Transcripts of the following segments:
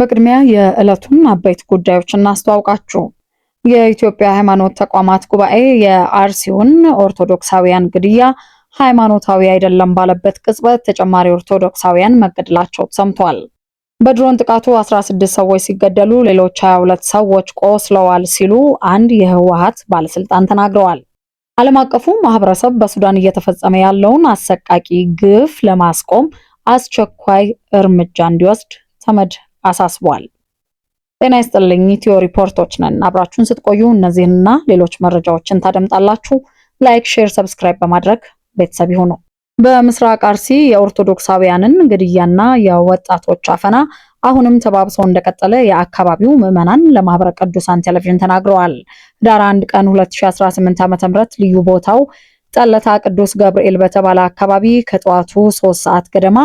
በቅድሚያ የዕለቱን አበይት ጉዳዮች እናስተዋውቃችሁ። የኢትዮጵያ ሃይማኖት ተቋማት ጉባኤ የአርሲውን ኦርቶዶክሳውያን ግድያ ሃይማኖታዊ አይደለም ባለበት ቅጽበት ተጨማሪ ኦርቶዶክሳውያን መገደላቸው ሰምቷል። በድሮን ጥቃቱ 16 ሰዎች ሲገደሉ ሌሎች 22 ሰዎች ቆስለዋል ሲሉ አንድ የህወሀት ባለስልጣን ተናግረዋል። ዓለም አቀፉ ማህበረሰብ በሱዳን እየተፈጸመ ያለውን አሰቃቂ ግፍ ለማስቆም አስቸኳይ እርምጃ እንዲወስድ ተመድ አሳስቧል። ጤና ይስጥልኝ ኢትዮ ሪፖርቶች ነን። አብራችሁን ስትቆዩ እነዚህንና ሌሎች መረጃዎችን ታደምጣላችሁ። ላይክ፣ ሼር፣ ሰብስክራይብ በማድረግ ቤተሰብ ይሁኑ። በምስራቅ አርሲ የኦርቶዶክሳውያንን ግድያና የወጣቶች አፈና አሁንም ተባብሰው እንደቀጠለ የአካባቢው ምዕመናን ለማህበረ ቅዱሳን ቴሌቪዥን ተናግረዋል። ዳር 1 ቀን 2018 ዓ.ም ልዩ ቦታው ጠለታ ቅዱስ ገብርኤል በተባለ አካባቢ ከጠዋቱ ሶስት ሰዓት ገደማ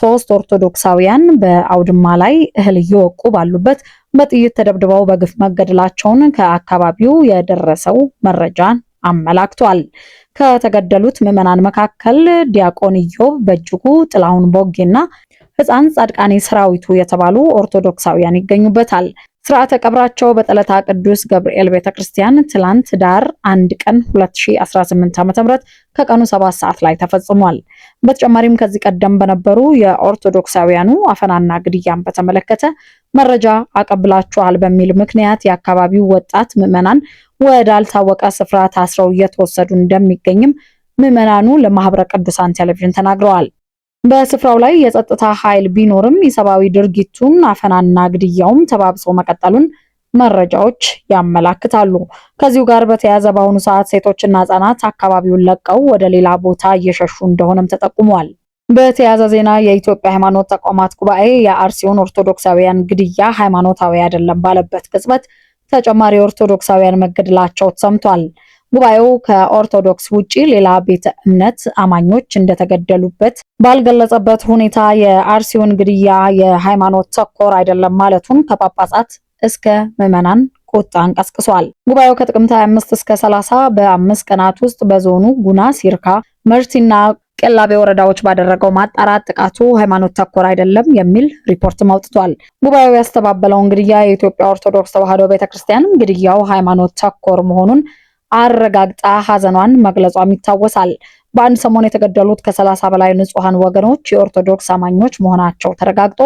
ሶስት ኦርቶዶክሳውያን በአውድማ ላይ እህል እየወቁ ባሉበት በጥይት ተደብድበው በግፍ መገደላቸውን ከአካባቢው የደረሰው መረጃን አመላክቷል። ከተገደሉት ምዕመናን መካከል ዲያቆን ኢዮብ በእጅጉ፣ ጥላሁን ቦጌና ሕፃን ጻድቃኔ ሰራዊቱ የተባሉ ኦርቶዶክሳውያን ይገኙበታል። ስርዓተ ቀብራቸው በጠለታ ቅዱስ ገብርኤል ቤተክርስቲያን ትላንት ዳር አንድ ቀን 2018 ዓ.ም ከቀኑ 7 ሰዓት ላይ ተፈጽሟል። በተጨማሪም ከዚህ ቀደም በነበሩ የኦርቶዶክሳውያኑ አፈናና ግድያን በተመለከተ መረጃ አቀብላችኋል በሚል ምክንያት የአካባቢው ወጣት ምዕመናን ወዳልታወቀ ስፍራ ታስረው እየተወሰዱ እንደሚገኝም ምዕመናኑ ለማህበረ ቅዱሳን ቴሌቪዥን ተናግረዋል። በስፍራው ላይ የጸጥታ ኃይል ቢኖርም የሰብአዊ ድርጊቱን አፈናና ግድያውም ተባብሰው መቀጠሉን መረጃዎች ያመላክታሉ። ከዚሁ ጋር በተያያዘ በአሁኑ ሰዓት ሴቶችና ህጻናት አካባቢውን ለቀው ወደ ሌላ ቦታ እየሸሹ እንደሆነም ተጠቁሟል። በተያያዘ ዜና የኢትዮጵያ ሃይማኖት ተቋማት ጉባኤ የአርሲውን ኦርቶዶክሳውያን ግድያ ሃይማኖታዊ አይደለም ባለበት ቅጽበት ተጨማሪ ኦርቶዶክሳውያን መገደላቸው ሰምቷል። ጉባኤው ከኦርቶዶክስ ውጪ ሌላ ቤተ እምነት አማኞች እንደተገደሉበት ባልገለጸበት ሁኔታ የአርሲውን ግድያ የሃይማኖት ተኮር አይደለም ማለቱን ከጳጳሳት እስከ ምዕመናን ቁጣ አንቀስቅሷል። ጉባኤው ከጥቅምት 25 እስከ 30 በአምስት ቀናት ውስጥ በዞኑ ጉና፣ ሲርካ፣ መርቲና ቄላቤ ወረዳዎች ባደረገው ማጣራት ጥቃቱ ሃይማኖት ተኮር አይደለም የሚል ሪፖርትም አውጥቷል። ጉባኤው ያስተባበለውን ግድያ የኢትዮጵያ ኦርቶዶክስ ተዋሕዶ ቤተክርስቲያን ግድያው ሃይማኖት ተኮር መሆኑን አረጋግጣ ሀዘኗን መግለጿም ይታወሳል። በአንድ ሰሞን የተገደሉት ከሰላሳ በላይ ንጹሐን ወገኖች የኦርቶዶክስ አማኞች መሆናቸው ተረጋግጦ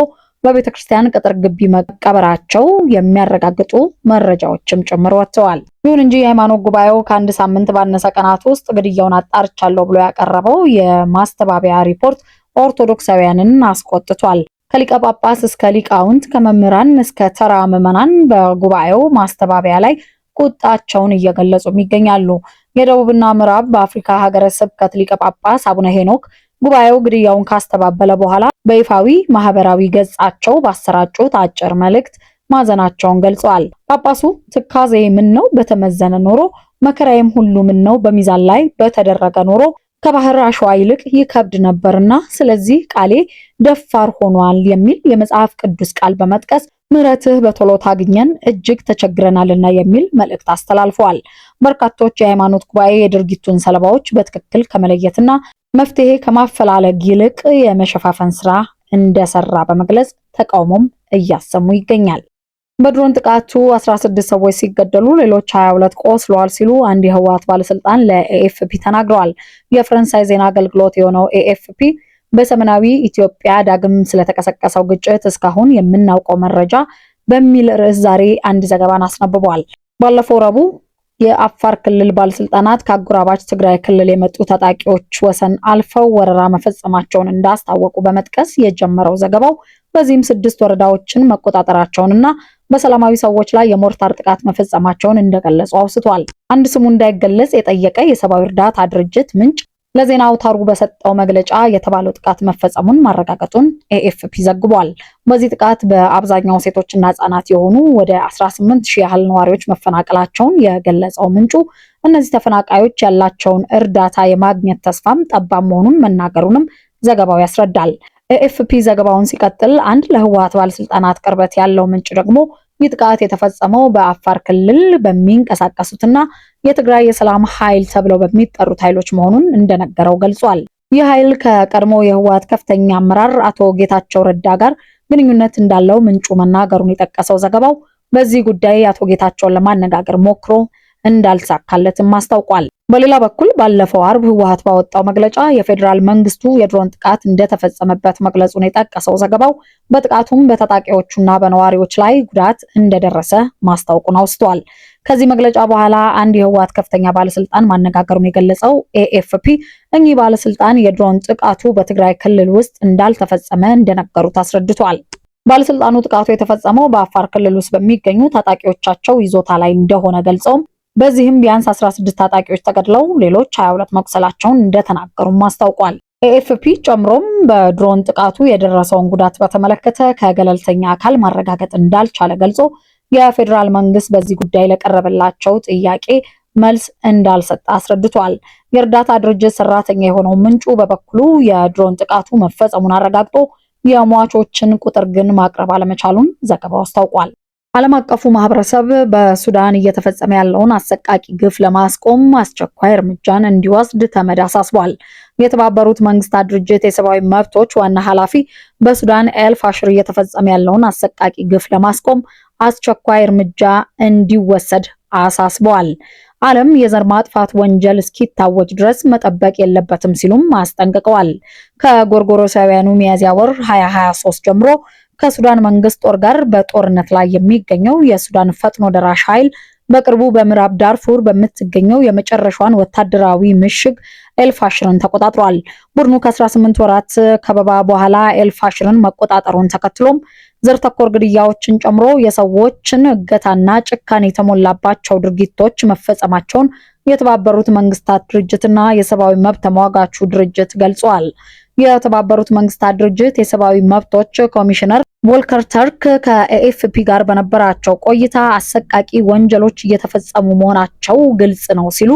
በቤተ ክርስቲያን ቅጥር ግቢ መቀበራቸው የሚያረጋግጡ መረጃዎችም ጭምር ወጥተዋል። ይሁን እንጂ የሃይማኖት ጉባኤው ከአንድ ሳምንት ባነሰ ቀናት ውስጥ ግድያውን አጣርቻለሁ ብሎ ያቀረበው የማስተባበያ ሪፖርት ኦርቶዶክሳውያንን አስቆጥቷል። ከሊቀ ጳጳስ እስከ ሊቃውንት፣ ከመምህራን እስከ ተራ ምዕመናን በጉባኤው ማስተባበያ ላይ ቁጣቸውን እየገለጹም ይገኛሉ። የደቡብና ምዕራብ በአፍሪካ ሀገረ ስብከት ሊቀ ጳጳስ አቡነ ሄኖክ ጉባኤው ግድያውን ካስተባበለ በኋላ በይፋዊ ማህበራዊ ገጻቸው ባሰራጩት አጭር መልእክት ማዘናቸውን ገልጸዋል። ጳጳሱ ትካዜ ምን ነው በተመዘነ ኖሮ መከራዬም ሁሉ ምን ነው በሚዛን ላይ በተደረገ ኖሮ ከባህር አሸዋ ይልቅ ይከብድ ነበርና፣ ስለዚህ ቃሌ ደፋር ሆኗል የሚል የመጽሐፍ ቅዱስ ቃል በመጥቀስ ምሕረትህ በቶሎ ታግኘን እጅግ ተቸግረናልና የሚል መልእክት አስተላልፈዋል። በርካቶች የሃይማኖት ጉባኤ የድርጊቱን ሰለባዎች በትክክል ከመለየትና መፍትሄ ከማፈላለግ ይልቅ የመሸፋፈን ስራ እንደሰራ በመግለጽ ተቃውሞም እያሰሙ ይገኛል። በድሮን ጥቃቱ 16 ሰዎች ሲገደሉ ሌሎች 22 ቆስለዋል ሲሉ አንድ የህወሓት ባለስልጣን ለኤኤፍፒ ተናግረዋል። የፈረንሳይ ዜና አገልግሎት የሆነው ኤኤፍፒ በሰሜናዊ ኢትዮጵያ ዳግም ስለተቀሰቀሰው ግጭት እስካሁን የምናውቀው መረጃ በሚል ርዕስ ዛሬ አንድ ዘገባን አስነብቧል። ባለፈው ረቡዕ የአፋር ክልል ባለስልጣናት ከአጎራባች ትግራይ ክልል የመጡ ታጣቂዎች ወሰን አልፈው ወረራ መፈጸማቸውን እንዳስታወቁ በመጥቀስ የጀመረው ዘገባው በዚህም ስድስት ወረዳዎችን መቆጣጠራቸውንና በሰላማዊ ሰዎች ላይ የሞርታር ጥቃት መፈጸማቸውን እንደገለጹ አውስቷል። አንድ ስሙ እንዳይገለጽ የጠየቀ የሰብአዊ እርዳታ ድርጅት ምንጭ ለዜና አውታሩ በሰጠው መግለጫ የተባለው ጥቃት መፈጸሙን ማረጋገጡን ኤኤፍፒ ዘግቧል። በዚህ ጥቃት በአብዛኛው ሴቶችና ህጻናት የሆኑ ወደ 18 ሺህ ያህል ነዋሪዎች መፈናቀላቸውን የገለጸው ምንጩ እነዚህ ተፈናቃዮች ያላቸውን እርዳታ የማግኘት ተስፋም ጠባብ መሆኑን መናገሩንም ዘገባው ያስረዳል። ኤኤፍፒ ዘገባውን ሲቀጥል አንድ ለህወሓት ባለስልጣናት ቅርበት ያለው ምንጭ ደግሞ ይህ ጥቃት የተፈጸመው በአፋር ክልል በሚንቀሳቀሱትና የትግራይ የሰላም ኃይል ተብለው በሚጠሩት ኃይሎች መሆኑን እንደነገረው ገልጿል። ይህ ኃይል ከቀድሞ የህወሓት ከፍተኛ አመራር አቶ ጌታቸው ረዳ ጋር ግንኙነት እንዳለው ምንጩ መናገሩን የጠቀሰው ዘገባው በዚህ ጉዳይ አቶ ጌታቸውን ለማነጋገር ሞክሮ እንዳልሳካለት አስታውቋል። በሌላ በኩል ባለፈው አርብ ህወሓት ባወጣው መግለጫ የፌዴራል መንግስቱ የድሮን ጥቃት እንደተፈጸመበት መግለጹን የጠቀሰው ዘገባው በጥቃቱም በታጣቂዎቹና በነዋሪዎች ላይ ጉዳት እንደደረሰ ማስታወቁን አውስቷል። ከዚህ መግለጫ በኋላ አንድ የህወሓት ከፍተኛ ባለስልጣን ማነጋገሩን የገለጸው ኤኤፍፒ እኚህ ባለስልጣን የድሮን ጥቃቱ በትግራይ ክልል ውስጥ እንዳልተፈጸመ እንደነገሩት አስረድቷል። ባለስልጣኑ ጥቃቱ የተፈጸመው በአፋር ክልል ውስጥ በሚገኙ ታጣቂዎቻቸው ይዞታ ላይ እንደሆነ ገልጸውም በዚህም ቢያንስ 16 ታጣቂዎች ተገድለው ሌሎች 22 መቁሰላቸውን እንደተናገሩም አስታውቋል። ኤኤፍፒ ጨምሮም በድሮን ጥቃቱ የደረሰውን ጉዳት በተመለከተ ከገለልተኛ አካል ማረጋገጥ እንዳልቻለ ገልጾ የፌዴራል መንግስት በዚህ ጉዳይ ለቀረበላቸው ጥያቄ መልስ እንዳልሰጠ አስረድቷል። የእርዳታ ድርጅት ሰራተኛ የሆነው ምንጩ በበኩሉ የድሮን ጥቃቱ መፈጸሙን አረጋግጦ የሟቾችን ቁጥር ግን ማቅረብ አለመቻሉን ዘገባው አስታውቋል። ዓለም አቀፉ ማህበረሰብ በሱዳን እየተፈጸመ ያለውን አሰቃቂ ግፍ ለማስቆም አስቸኳይ እርምጃን እንዲወስድ ተመድ አሳስቧል። የተባበሩት መንግስታት ድርጅት የሰብአዊ መብቶች ዋና ኃላፊ በሱዳን ኤል ፋሽር እየተፈጸመ ያለውን አሰቃቂ ግፍ ለማስቆም አስቸኳይ እርምጃ እንዲወሰድ አሳስበዋል። ዓለም የዘር ማጥፋት ወንጀል እስኪታወጅ ድረስ መጠበቅ የለበትም ሲሉም አስጠንቅቀዋል። ከጎርጎሮሳውያኑ ሚያዝያ ወር 2023 ጀምሮ ከሱዳን መንግስት ጦር ጋር በጦርነት ላይ የሚገኘው የሱዳን ፈጥኖ ደራሽ ኃይል በቅርቡ በምዕራብ ዳርፉር በምትገኘው የመጨረሻዋን ወታደራዊ ምሽግ ኤልፋሽርን ተቆጣጥሯል። ቡድኑ ከ18 ወራት ከበባ በኋላ ኤልፋሽርን መቆጣጠሩን ተከትሎም ዘር ተኮር ግድያዎችን ጨምሮ የሰዎችን እገታና ጭካኔ የተሞላባቸው ድርጊቶች መፈጸማቸውን የተባበሩት መንግስታት ድርጅትና የሰብአዊ መብት ተሟጋቹ ድርጅት ገልጿል። የተባበሩት መንግስታት ድርጅት የሰብአዊ መብቶች ኮሚሽነር ቮልከር ተርክ ከኤኤፍፒ ጋር በነበራቸው ቆይታ አሰቃቂ ወንጀሎች እየተፈጸሙ መሆናቸው ግልጽ ነው ሲሉ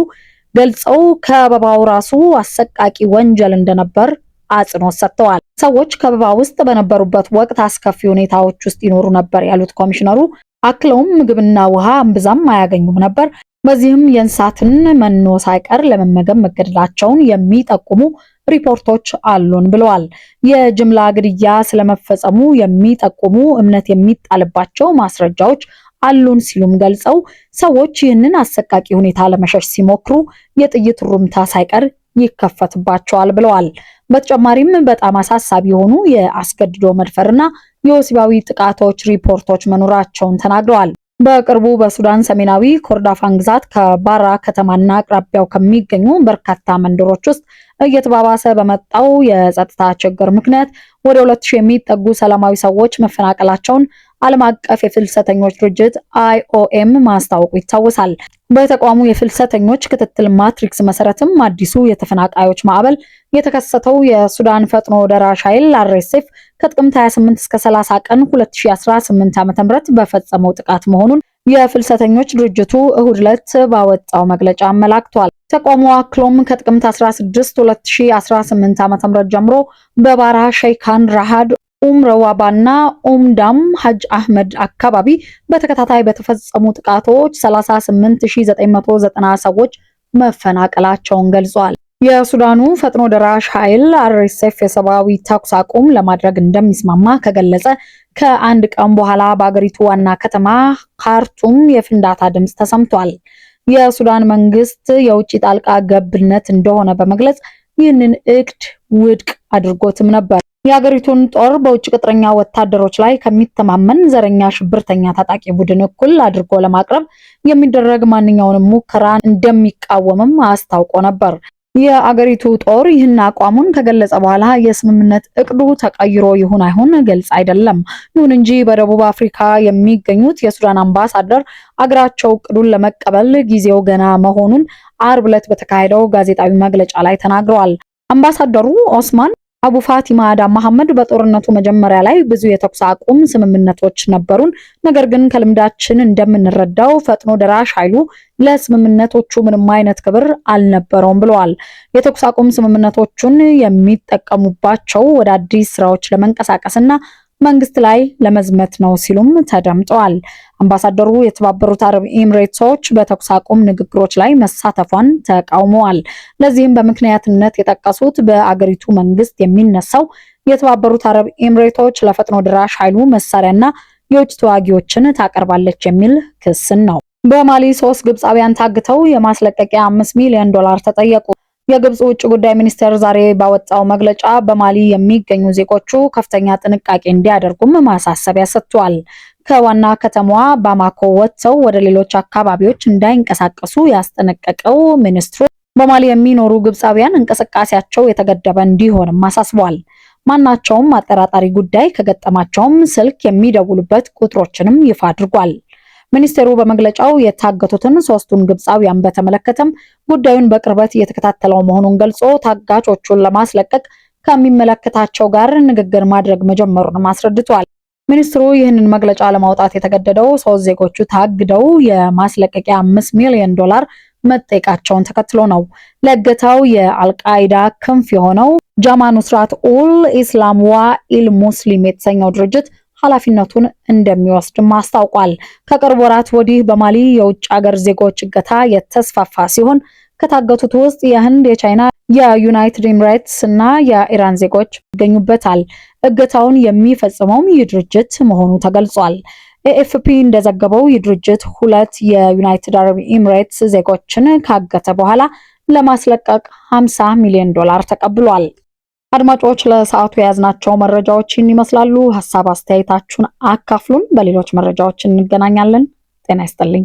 ገልጸው ከበባው ራሱ አሰቃቂ ወንጀል እንደነበር አጽንኦት ሰጥተዋል። ሰዎች ከበባ ውስጥ በነበሩበት ወቅት አስከፊ ሁኔታዎች ውስጥ ይኖሩ ነበር ያሉት ኮሚሽነሩ አክለውም ምግብና ውሃ እምብዛም አያገኙም ነበር። በዚህም የእንስሳትን መኖ ሳይቀር ለመመገብ መገደላቸውን የሚጠቁሙ ሪፖርቶች አሉን ብለዋል። የጅምላ ግድያ ስለመፈጸሙ የሚጠቁሙ እምነት የሚጣልባቸው ማስረጃዎች አሉን ሲሉም ገልጸው ሰዎች ይህንን አሰቃቂ ሁኔታ ለመሸሽ ሲሞክሩ የጥይት ሩምታ ሳይቀር ይከፈትባቸዋል ብለዋል። በተጨማሪም በጣም አሳሳቢ የሆኑ የአስገድዶ መድፈርና የወሲባዊ ጥቃቶች ሪፖርቶች መኖራቸውን ተናግረዋል። በቅርቡ በሱዳን ሰሜናዊ ኮርዳፋን ግዛት ከባራ ከተማና አቅራቢያው ከሚገኙ በርካታ መንደሮች ውስጥ እየተባባሰ በመጣው የጸጥታ ችግር ምክንያት ወደ ሁለት የሚጠጉ ሰላማዊ ሰዎች መፈናቀላቸውን ዓለም አቀፍ የፍልሰተኞች ድርጅት አይኦኤም ማስታወቁ ይታወሳል። በተቋሙ የፍልሰተኞች ክትትል ማትሪክስ መሰረትም አዲሱ የተፈናቃዮች ማዕበል የተከሰተው የሱዳን ፈጥኖ ደራሽ ኃይል አርኤስኤፍ ከጥቅምት 28 እስከ 30 ቀን 2018 ዓ.ም በፈጸመው ጥቃት መሆኑን የፍልሰተኞች ድርጅቱ እሁድ ዕለት ባወጣው መግለጫ አመላክቷል። ተቋሙ አክሎም ከጥቅምት 16 2018 ዓ.ም ጀምሮ በባራ ሸይካን ረሃድ እና ኡምዳም ሀጅ አህመድ አካባቢ በተከታታይ በተፈጸሙ ጥቃቶች 38990 ሰዎች መፈናቀላቸውን ገልጿል። የሱዳኑ ፈጥኖ ደራሽ ኃይል አርኤስኤፍ የሰብአዊ ተኩስ አቁም ለማድረግ እንደሚስማማ ከገለጸ ከአንድ ቀን በኋላ በአገሪቱ ዋና ከተማ ካርቱም የፍንዳታ ድምፅ ተሰምቷል። የሱዳን መንግስት የውጭ ጣልቃ ገብነት እንደሆነ በመግለጽ ይህንን እቅድ ውድቅ አድርጎትም ነበር። የአገሪቱን ጦር በውጭ ቅጥረኛ ወታደሮች ላይ ከሚተማመን ዘረኛ ሽብርተኛ ታጣቂ ቡድን እኩል አድርጎ ለማቅረብ የሚደረግ ማንኛውንም ሙከራ እንደሚቃወምም አስታውቆ ነበር። የአገሪቱ ጦር ይህን አቋሙን ከገለጸ በኋላ የስምምነት እቅዱ ተቀይሮ ይሁን አይሁን ግልጽ አይደለም። ይሁን እንጂ በደቡብ አፍሪካ የሚገኙት የሱዳን አምባሳደር አገራቸው እቅዱን ለመቀበል ጊዜው ገና መሆኑን አርብ ዕለት በተካሄደው ጋዜጣዊ መግለጫ ላይ ተናግረዋል። አምባሳደሩ ኦስማን አቡ ፋቲማ አዳም መሐመድ በጦርነቱ መጀመሪያ ላይ ብዙ የተኩስ አቁም ስምምነቶች ነበሩን፣ ነገር ግን ከልምዳችን እንደምንረዳው ፈጥኖ ደራሽ ኃይሉ ለስምምነቶቹ ምንም አይነት ክብር አልነበረውም ብለዋል። የተኩስ አቁም ስምምነቶቹን የሚጠቀሙባቸው ወደ አዲስ ስራዎች ለመንቀሳቀስና መንግስት ላይ ለመዝመት ነው ሲሉም ተደምጠዋል። አምባሳደሩ የተባበሩት አረብ ኤምሬቶች በተኩስ አቁም ንግግሮች ላይ መሳተፏን ተቃውመዋል። ለዚህም በምክንያትነት የጠቀሱት በአገሪቱ መንግስት የሚነሳው የተባበሩት አረብ ኤምሬቶች ለፈጥኖ ድራሽ ኃይሉ መሳሪያና የውጭ ተዋጊዎችን ታቀርባለች የሚል ክስን ነው። በማሊ ሶስት ግብፃውያን ታግተው የማስለቀቂያ አምስት ሚሊዮን ዶላር ተጠየቁ። የግብጽ ውጭ ጉዳይ ሚኒስቴር ዛሬ ባወጣው መግለጫ በማሊ የሚገኙ ዜጎቹ ከፍተኛ ጥንቃቄ እንዲያደርጉም ማሳሰቢያ ሰጥቷል። ከዋና ከተማዋ ባማኮ ወጥተው ወደ ሌሎች አካባቢዎች እንዳይንቀሳቀሱ ያስጠነቀቀው ሚኒስትሩ በማሊ የሚኖሩ ግብጻውያን እንቅስቃሴያቸው የተገደበ እንዲሆንም አሳስቧል። ማናቸውም አጠራጣሪ ጉዳይ ከገጠማቸውም ስልክ የሚደውሉበት ቁጥሮችንም ይፋ አድርጓል። ሚኒስቴሩ በመግለጫው የታገቱትን ሶስቱን ግብፃውያን በተመለከተም ጉዳዩን በቅርበት እየተከታተለው መሆኑን ገልጾ ታጋቾቹን ለማስለቀቅ ከሚመለከታቸው ጋር ንግግር ማድረግ መጀመሩንም አስረድቷል። ሚኒስትሩ ይህንን መግለጫ ለማውጣት የተገደደው ሶስት ዜጎቹ ታግደው የማስለቀቂያ አምስት ሚሊዮን ዶላር መጠየቃቸውን ተከትሎ ነው። ለእገታው የአልቃይዳ ክንፍ የሆነው ጃማ ኑስራት ኡል ኢስላም ዋ ኢል ሙስሊም የተሰኘው ድርጅት ኃላፊነቱን እንደሚወስድም አስታውቋል። ከቅርብ ወራት ወዲህ በማሊ የውጭ አገር ዜጎች እገታ የተስፋፋ ሲሆን ከታገቱት ውስጥ የህንድ፣ የቻይና፣ የዩናይትድ ኤምሬትስ እና የኢራን ዜጎች ይገኙበታል። እገታውን የሚፈጽመውም ይህ ድርጅት መሆኑ ተገልጿል። ኤኤፍፒ እንደዘገበው ይህ ድርጅት ሁለት የዩናይትድ አረብ ኤምሬትስ ዜጎችን ካገተ በኋላ ለማስለቀቅ 50 ሚሊዮን ዶላር ተቀብሏል። አድማጮች ለሰዓቱ የያዝናቸው መረጃዎችን ይመስላሉ። ሀሳብ አስተያየታችሁን አካፍሉን። በሌሎች መረጃዎች እንገናኛለን። ጤና ይስጥልኝ።